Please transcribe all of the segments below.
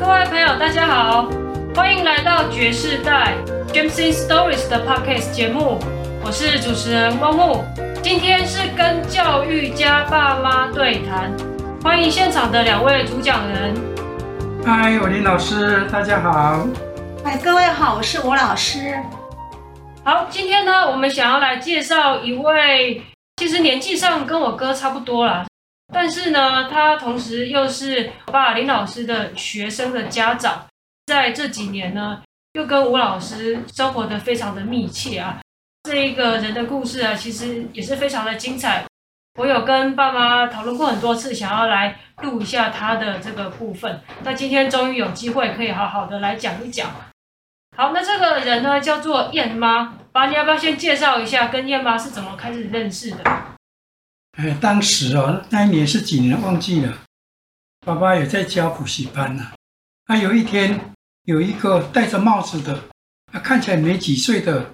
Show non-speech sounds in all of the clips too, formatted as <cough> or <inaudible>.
各位朋友，大家好，歡迎來到覺世代 Gems in Stories 的 Podcast 節目，我是主持人汪木，今天是跟教育家爸媽對談，歡迎現場的兩位主講人。嗨，我林老師，大家好。嗨，各位好，我是吳老師。好，今天呢，我們想要來介紹一位，其實年紀上跟我哥差不多啦，但是呢，他同時又是我爸林老師的學生的家長，在這幾年呢，又跟吳老師生活得非常的密切啊。這一個人的故事啊，其實也是非常的精彩。我有跟爸媽討論過很多次，想要來錄一下他的這個部分。那今天終於有機會可以好好的來講一講。好，那這個人呢，叫做燕媽。爸，你要不要先介紹一下，跟燕媽是怎麼開始認識的？哎，當時哦，那一年是幾年忘記了，爸爸也在教補習班呢。那、啊、有一天，有一個戴着帽子的、啊，看起來沒幾歲的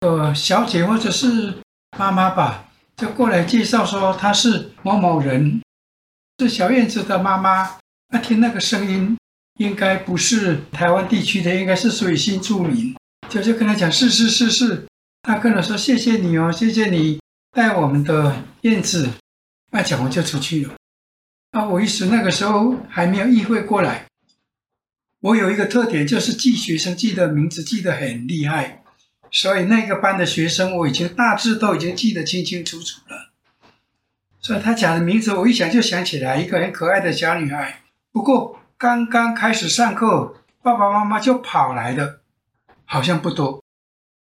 呃小姐或者是媽媽吧，就過來介紹說她是某某人，是小燕子的媽媽。那、啊、聽那個聲音。應該不是台灣地區的，應該是屬於新住民，就就跟他講是是是是。他跟我說，謝謝你哦，謝謝你帶我們的燕子，那講我就出去了。啊，我一時那個時候還沒有意會過來。我有一個特點就是記學生記的名字記得很厲害，所以那個班的學生我已經大致都已經記得清清楚楚了，所以他講的名字我一想就想起來一個很可愛的小女孩，不過。剛剛開始上課，爸爸媽媽就跑來的，好像不多，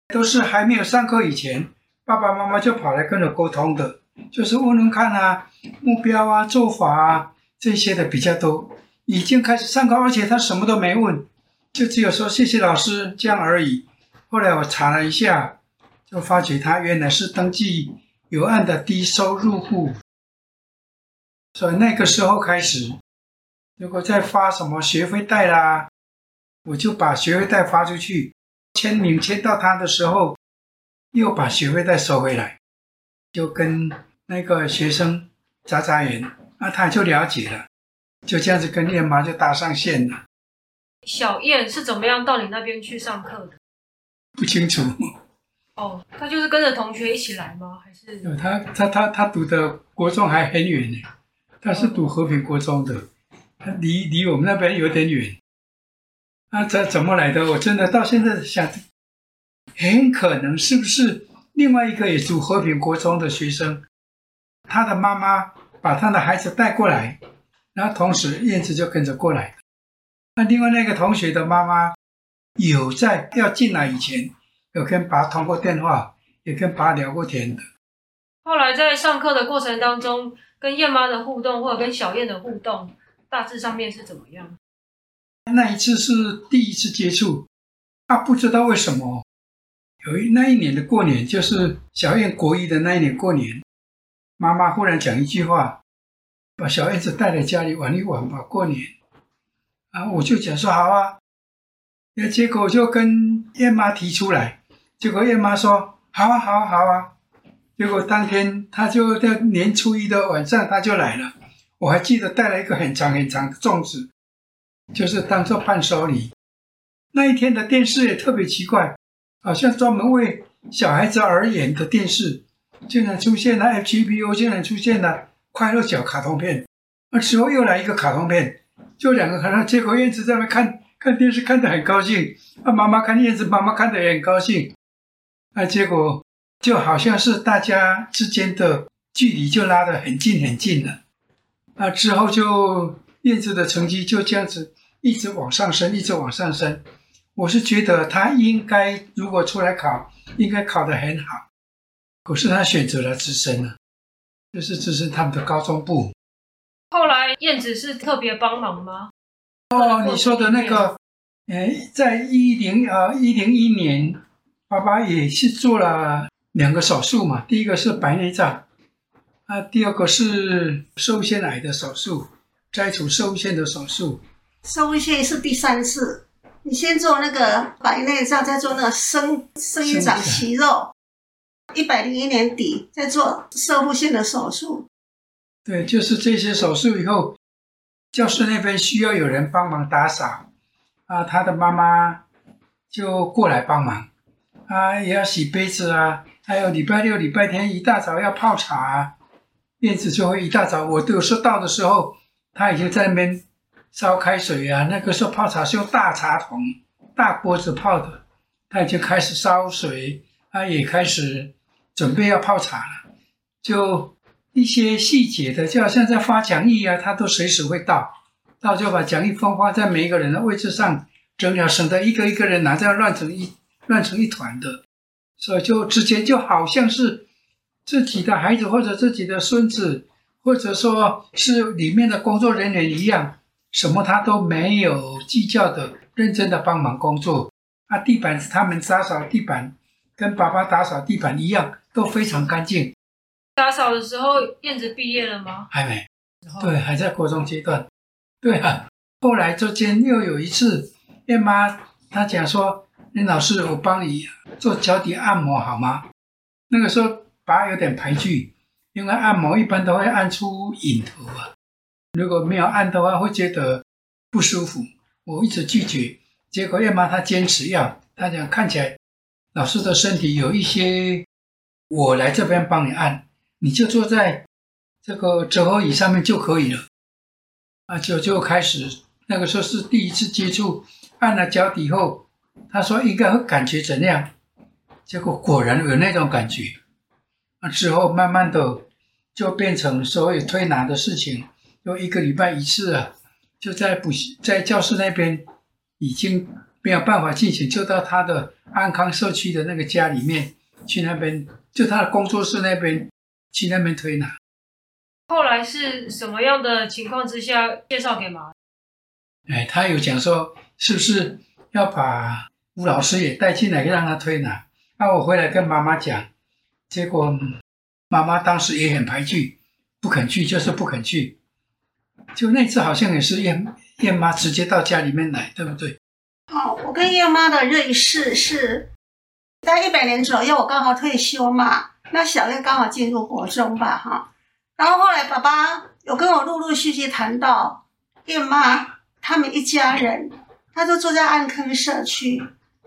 都是還沒有上課以前，爸爸媽媽就跑來跟我溝通的，就是問問看啊，目標啊，做法啊，這些的比較多。已經開始上課，而且他什麼都沒問，就只有說謝謝老師這樣而已。後來我查了一下，就發覺他原來是登記有案的低收入戶，所以那個時候開始。如果再發什麼學費袋啦，我就把學費袋發出去，簽名簽到他的時候，又把學費袋收回來，就跟那個學生眨眨眼，那他就了解了，就這樣子跟燕媽就搭上線了。小燕是怎麼樣到你那邊去上課的？不清楚。哦，他就是跟着同學一起來嗎？還是？他他他他讀的國中還很遠呢，他是讀和平國中的。離離我們那邊有點遠，那這怎麼來的？我真的到現在想，很可能是不是另外一個也住和平國中的學生，他的媽媽把他的孩子帶過來，然後同時燕子就跟着過來。那另外那個同學的媽媽有在要進來以前，有跟爸通過電話，也跟爸聊過天的。後來在上課的過程當中，跟燕媽的互動，或者跟小燕的互動。大致上面是怎麼樣？那一次是第一次接觸，啊，不知道為什麼，有一那一年的過年，就是小燕國一的那一年過年，媽媽忽然講一句話，把小燕子帶來家裡玩一玩吧，過年。啊，我就講說好啊，那結果就跟燕媽提出來，結果燕媽說好啊，好啊，好啊，結果當天她就在年初一的晚上，她就來了。我還記得帶了一個很長很長的粽子，就是當做伴手禮。那一天的電視也特別奇怪，好像專門為小孩子而演的電視，竟然出現了《f g p u 竟然出現了快樂小卡通片。啊，之後又來一個卡通片，就兩個孩子，結果燕子在那看看電視，看得很高興。啊，媽媽看燕子，媽媽看得也很高興。啊，結果就好像是大家之間的距離就拉得很近很近了。那、啊、之後就燕子的成績就這樣子一直往上升，一直往上升。我是覺得他應該如果出來考，應該考得很好。可是他選擇了直升了，就是直升他們的高中部。後來燕子是特別幫忙嗎？哦，你說的那個，誒，在一零呃一零一年，爸爸也是做了兩個手術嘛，第一個是白內障。啊，第二個是乳腺癌的手術，摘除乳腺的手術。乳腺是第三次，你先做那個白內障，再做那個生生育長息肉，一百零一年底再做乳腺的手術。對，就是這些手術以後，教室那邊需要有人幫忙打掃，啊，他的媽媽就過來幫忙，啊，也要洗杯子啊，還有禮拜六、禮拜天一大早要泡茶啊。燕子就會一大早，我都說到的時候，他已經在那邊燒開水啊。那個時候泡茶是用大茶桶、大鍋子泡的，他已經開始燒水，他也開始準備要泡茶了。就一些細節的，就好像在發講義啊，他都隨時會到，到就把講義分發在每一個人的位置上，整條省得一個一個人拿，這樣亂成一亂成一團的，所以就之前就好像是。自己的孩子或者自己的孫子，或者說是裡面的工作人員一樣，什麼他都沒有計較的，認真的幫忙工作。啊，地板是他們打掃地板，跟爸爸打掃地板一樣，都非常乾淨。打掃的時候，燕子畢業了嗎？還沒，對，還在高中階段。對啊，後來中間又有一次，燕媽她講說：“林老師，我幫你做腳底按摩好嗎？”那個時候。拔有點排斥，因為按摩一般都會按出癮頭啊。如果沒有按的話，會覺得不舒服。我一直拒絕，結果燕媽她堅持要，她講看起來老師的身體有一些，我來這邊幫你按，你就坐在這個折合椅上面就可以了。啊，就就開始，那個時候是第一次接觸，按了腳底後，他說應該會感覺怎樣，結果果然有那種感覺。那之後，慢慢的就變成所謂推拿的事情，有一個禮拜一次啊，就在補習在教室那邊已經沒有辦法進行，就到他的安康社區的那個家裡面去那邊，就他的工作室那邊去那邊推拿。後來是什麼樣的情況之下介紹給媽媽？哎，他有講說是不是要把吳老師也帶進來讓他推拿？那、啊、我回來跟媽媽講。結果，媽媽當時也很排斥，不肯去，就是不肯去。就那次好像也是燕燕媽直接到家裡面來，對不對？哦，我跟燕媽的認識是在一百年左右，我剛好退休嘛，那小燕剛好進入國中吧，哈。然後後來爸爸有跟我陸陸續續談到燕媽他們一家人，他就住在安康社區。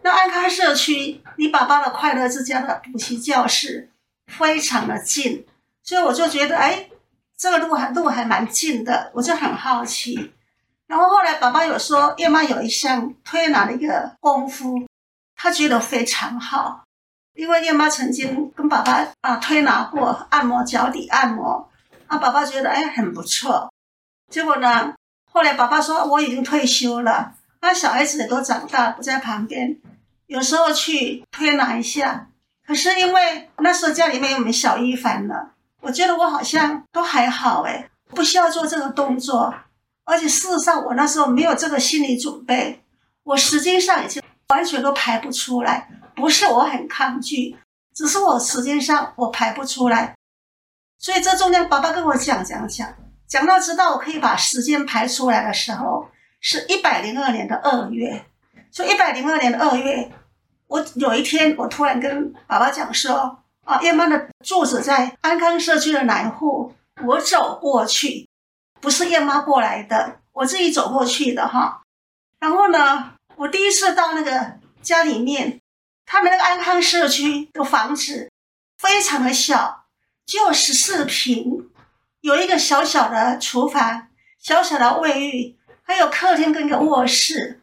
那安康社區，你爸爸的快樂之家的補習教室，非常的近，所以我就覺得，哎，這個路還路還蠻近的，我就很好奇。然後後來，爸爸有說，燕媽有一項推拿的一個功夫，他覺得非常好。因為燕媽曾經跟爸爸啊推拿過，按摩腳底按摩，啊，爸爸覺得哎很不錯。結果呢，後來爸爸說，我已經退休了，那小孩子也都長大不在旁邊，有時候去推拿一下。可是因為那時候家裡面有我們小一凡了，我覺得我好像都還好哎，不需要做這個動作。而且事實上我那時候沒有這個心理準備，我時間上已經完全都排不出來。不是我很抗拒，只是我時間上我排不出來。所以這中間爸爸跟我講講講，講到直到我可以把時間排出來的時候，是一百零二年的二月，所以一百零二年的二月。我有一天，我突然跟爸爸講說：“啊，燕媽的住址在安康社區的南戶，我走過去，不是燕媽過來的，我自己走過去的哈。”然後呢，我第一次到那個家裡面，他們那個安康社區的房子非常的小，就十四坪，有一個小小的廚房、小小的衛浴，還有客廳跟一個臥室。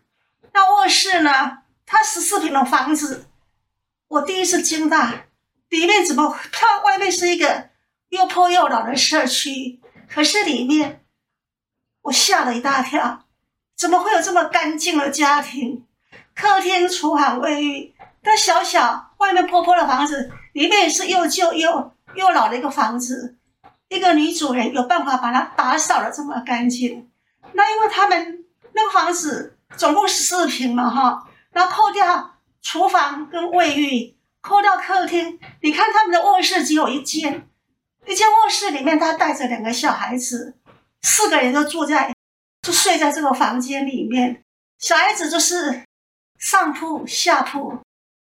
那臥室呢？他十四坪的房子，我第一次驚大，裡面怎麼看？外面是一個又破又老的社區，可是裡面，我嚇了一大跳，怎麼會有這麼乾淨的家庭？客廳、廚房、衛浴，但小小外面破破的房子，裡面也是又舊又又老的一個房子，一個女主人有辦法把它打掃的這麼乾淨？那因為他們那個房子總共十四坪嘛，哈。要扣掉廚房跟衛浴，扣掉客廳。你看他們的臥室只有一間，一間臥室裡面他帶着兩個小孩子，四個人都住在，就睡在這個房間裡面。小孩子就是上鋪下鋪，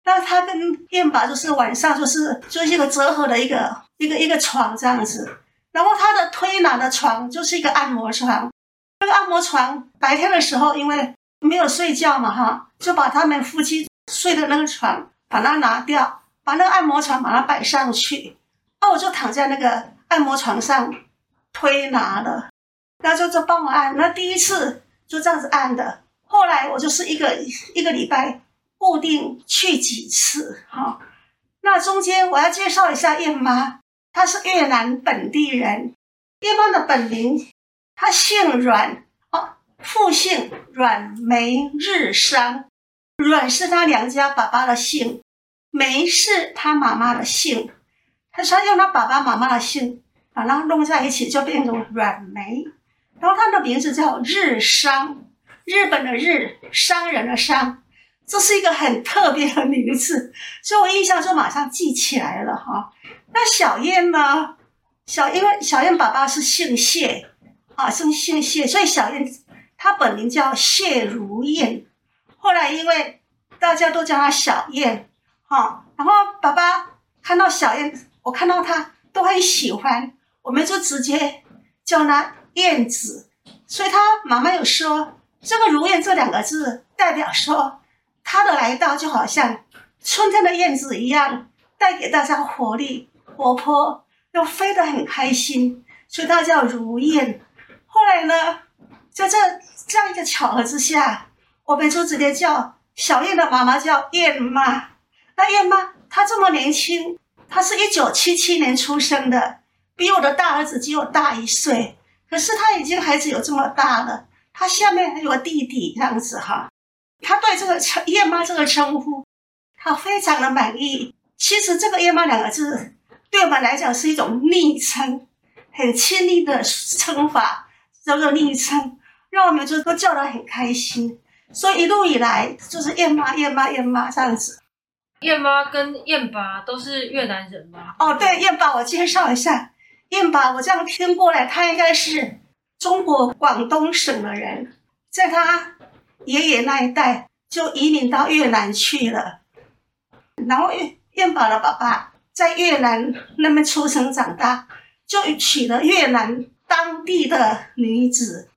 那他跟燕爸就是晚上就是就是一個折合的一個一個一個床這樣子。然後他的推拿的床就是一個按摩床，這、那個按摩床白天的時候因為。沒有睡覺嘛，哈，就把他們夫妻睡的那個床把它拿掉，把那個按摩床把它擺上去，那我就躺在那個按摩床上推拿了，那就就幫我按，那第一次就這樣子按的，後來我就是一個一個禮拜固定去幾次，哈，那中間我要介紹一下燕媽，她是越南本地人，燕媽的本名她姓阮。父姓阮梅日商。阮是他娘家爸爸的姓，梅是他媽媽的姓，他所以用他爸爸媽媽的姓，把他弄在一起就變成阮梅。然後他的名字叫日商，日本的日，商人的商，這是一個很特別的名字，所以我印象就馬上記起來了哈。那小燕呢？小因為小燕爸爸是姓謝，啊，姓謝，所以小燕。他本名叫謝如燕，後來因為大家都叫她小燕，哈，然後爸爸看到小燕，我看到他都很喜歡，我們就直接叫她燕子。所以她媽媽有說，這個如燕這兩個字，代表說他的來到就好像春天的燕子一樣，帶給大家活力、活潑，又飛得很開心，所以他叫如燕。後來呢？在這這樣一個巧合之下，我們就直接叫小燕的媽媽叫燕媽。那燕媽，她這麼年輕，她是一九七七年出生的，比我的大兒子只有大一歲。可是他已經孩子有這麼大了，他下面還有個弟弟這樣子哈。他對這個稱“燕媽”這個稱呼，他非常的滿意。其實這個“燕媽”兩個字，對我們來講是一種昵稱，很親昵的稱法，叫做昵稱。讓我們就都叫得很開心，所以一路以來就是燕媽、燕媽、燕媽這樣子。燕媽跟燕爸都是越南人吧？哦，對，燕爸我介紹一下，燕爸我這樣聽過來，他應該是中國廣東省的人，在他爺爺那一代就移民到越南去了，然後燕燕爸的爸爸在越南那邊出生長大，就娶了越南當地的女子。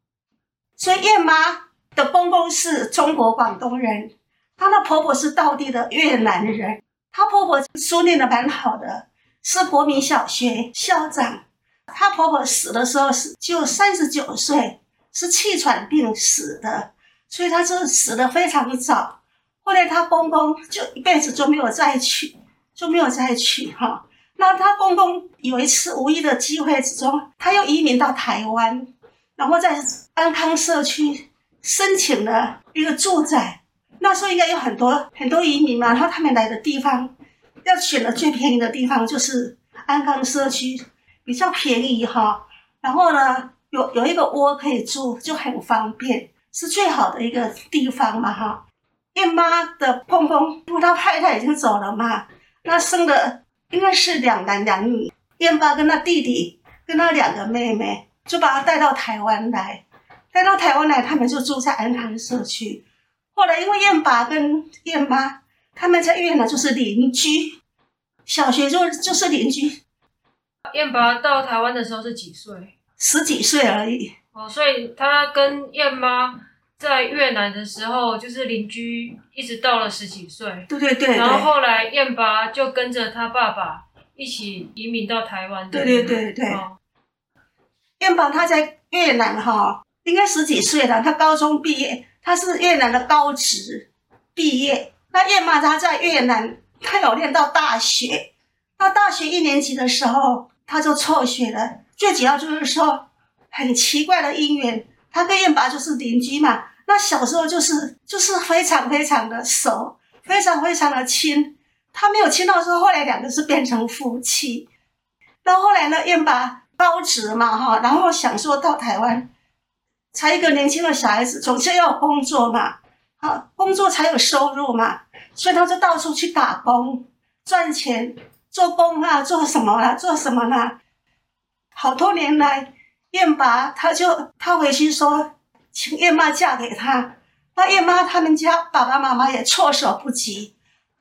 所以，燕媽的公公是中國廣東人，她的婆婆是道地的越南人。她婆婆書念的蠻好的，是國民小學校長。她婆婆死的時候是就三十九歲，是氣喘病死的，所以她就死的非常的早。後來，她公公就一輩子就沒有再娶，就沒有再娶哈。那她公公有一次無意的機會之中，她又移民到台灣。然後在安康社區申請了一個住宅，那時候應該有很多很多移民嘛，然後他們來的地方要選的最便宜的地方就是安康社區，比較便宜哈。然後呢，有有一個窩可以住，就很方便，是最好的一個地方嘛哈。燕媽的公公，因為他太太已經走了嘛，那生的應該是兩男兩女，燕爸跟他弟弟跟他兩個妹妹，就把他帶到台灣來，帶到台灣來，他們就住在安康社區。後來因為燕爸跟燕媽他們在越南就是鄰居，小學就就是鄰居。燕爸到台灣的時候是幾歲？十幾歲而已。哦，所以他跟燕媽在越南的時候就是鄰居，一直到了十幾歲。對對對。然後後來燕爸就跟着他爸爸一起移民到台灣。對對對對。哦燕爸他在越南哈，應該十幾歲了，他高中畢業，他是越南的高職畢業。那燕爸他在越南，他有練到大學，到大學一年級的時候他就輟學了。最主要就是說很奇怪的姻緣，他跟燕爸就是鄰居嘛，那小時候就是就是非常非常的熟，非常非常的親。他沒有親到說後來兩個是變成夫妻，到後，後來呢，燕爸。高職嘛哈，然後想說到台灣，才一個年輕的小孩子，總是要工作嘛，啊，工作才有收入嘛，所以他就到處去打工賺錢，做工啊，做什麼啊，做什麼呢、啊？好多年來，燕爸他就他回去說，請燕媽嫁給他，那燕媽他們家爸爸媽媽也措手不及，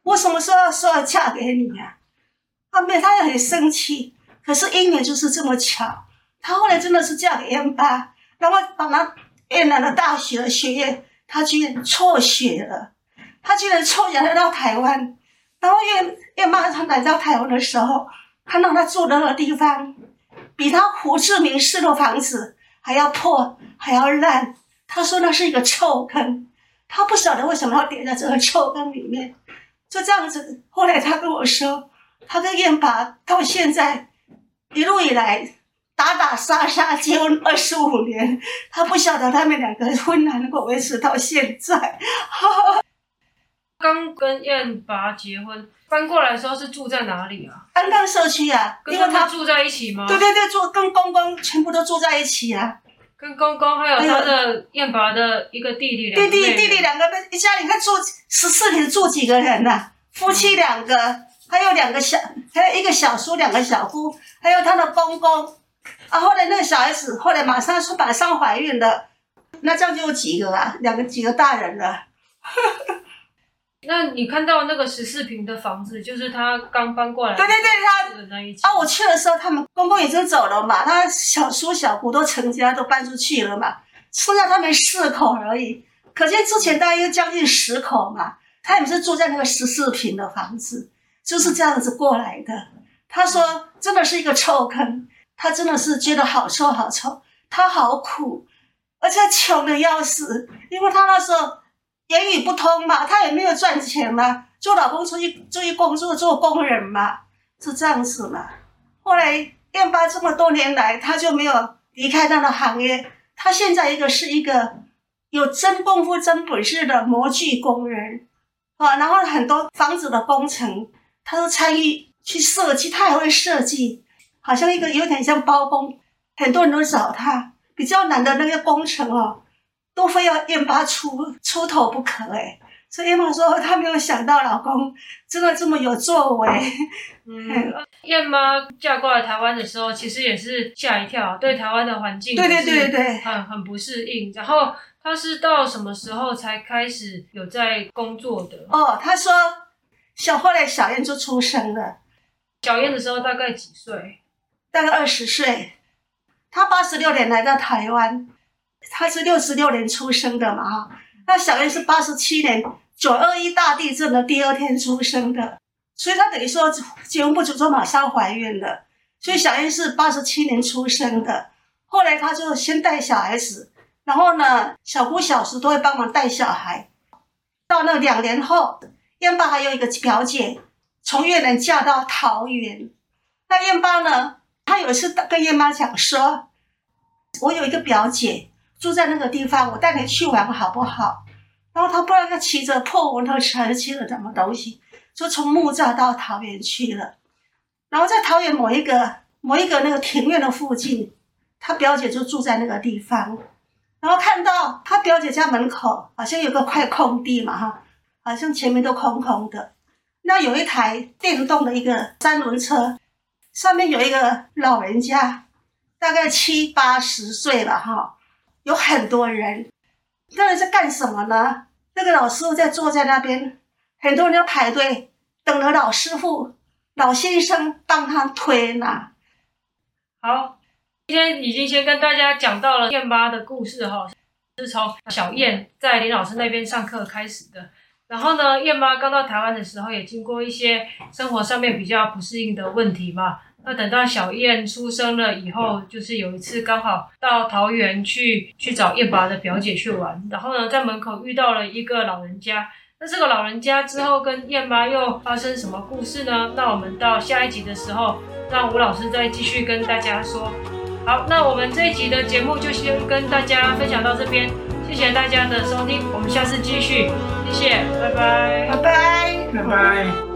我什麼時候要說要嫁給你啊？後面他也很生氣。可是姻緣就是這麼巧，他後來真的是嫁給燕爸，然後把他越南的大學學業，他居然輟學了，他居然輟學來到台灣，然後燕燕媽他來到台灣的時候，看到他住的那個地方，比他胡志明市的房子還要破還要爛，他說那是一個臭坑，他不曉得為什麼要跌在這個臭坑裡面，就這樣子，後來他跟我說，他跟燕爸到現在。一路以來打打殺殺，結婚二十五年，他不曉得他們兩個婚能夠維持到現在。呵呵剛跟燕爸結婚搬過來的時候是住在哪裡啊？安康社區啊，跟他，因為他住在一起嗎？對對對，住跟公公全部都住在一起啊。跟公公還有他的燕爸的一個弟弟兩個嗎，弟弟弟弟兩個一家，你看住十四平住幾個人啊？夫妻兩個。嗯還有兩個小，還有一個小叔，兩個小姑，還有他的公公，啊，後來那個小孩子，後來馬上是馬上懷孕了，那這樣就有幾個啊，兩個幾個大人了，啊。 <laughs> 那你看到那個十四平的房子，就是他剛搬過來。對對對，他啊，我去的時候，他們公公已經走了嘛，他小叔、小姑都成家都搬出去了嘛，剩下他們四口而已。可見之前大約將近十口嘛，他也是住在那個十四平的房子。就是這樣子過來的，他說真的是一個臭坑，他真的是覺得好臭好臭，他好苦，而且窮的要死，因為他那時候言語不通嘛，他也沒有賺錢嘛，做老公出去出去工作做工人嘛，是這樣子嘛。後來燕爸這麼多年來，他就沒有離開他的行業，他現在一個是一個有真功夫、真本事的模具工人啊，然後很多房子的工程。他都參與去設計，他也會設計，好像一個有點像包工，很多人都找他，比較難的那個工程哦，都非要燕爸出出頭不可誒。所以燕媽說她沒有想到老公真的這麼有作為。嗯，嗯，燕媽嫁過來台灣的時候，其實也是嚇一跳，對台灣的環境，對對對對很、嗯、很不適應。然後他是到什麼時候才開始有在工作的？哦，他說。小後來，小燕就出生了。小燕的時候大概幾歲？大概二十歲。她八十六年來到台灣，她是六十六年出生的嘛。那小燕是八十七年九二一大地震的第二天出生的，所以她等於說結婚不久就馬上懷孕了，所以小燕是八十七年出生的。後來她就先帶小 S，然後呢，小姑小時都會幫忙帶小孩。到那兩年後。燕爸還有一個表姐，從越南嫁到桃園。那燕爸呢？他有一次跟燕媽講說：“我有一個表姐住在那個地方，我帶你去玩好不好？”然後他不知道騎着破摩托車還是騎了什麼東西，就從木柵到桃園去了。然後在桃園某一個某一個那個庭院的附近，他表姐就住在那個地方。然後看到他表姐家門口好像有個塊空地嘛，哈。好像前面都空空的，那有一台電動的一個三輪車，上面有一個老人家，大概七八十歲了哈，有很多人，那人在幹什麼呢？那個老師傅在坐在那邊，很多人要排隊等着老師傅，老先生幫他推拿。好，今天已經先跟大家講到了燕媽的故事哈，是從小燕在林老師那邊上課開始的。然後呢，燕媽剛到台灣的時候，也經過一些生活上面比較不適應的問題嘛。那等到小燕出生了以後，就是有一次剛好到桃園去去找燕爸的表姐去玩，然後呢，在門口遇到了一個老人家。那這個老人家之後跟燕媽又發生什麼故事呢？那我們到下一集的時候，讓吳老師再繼續跟大家說。好，那我們這一集的節目就先跟大家分享到這邊，謝謝大家的收聽，我們下次繼續。謝謝，拜拜，拜拜，拜拜。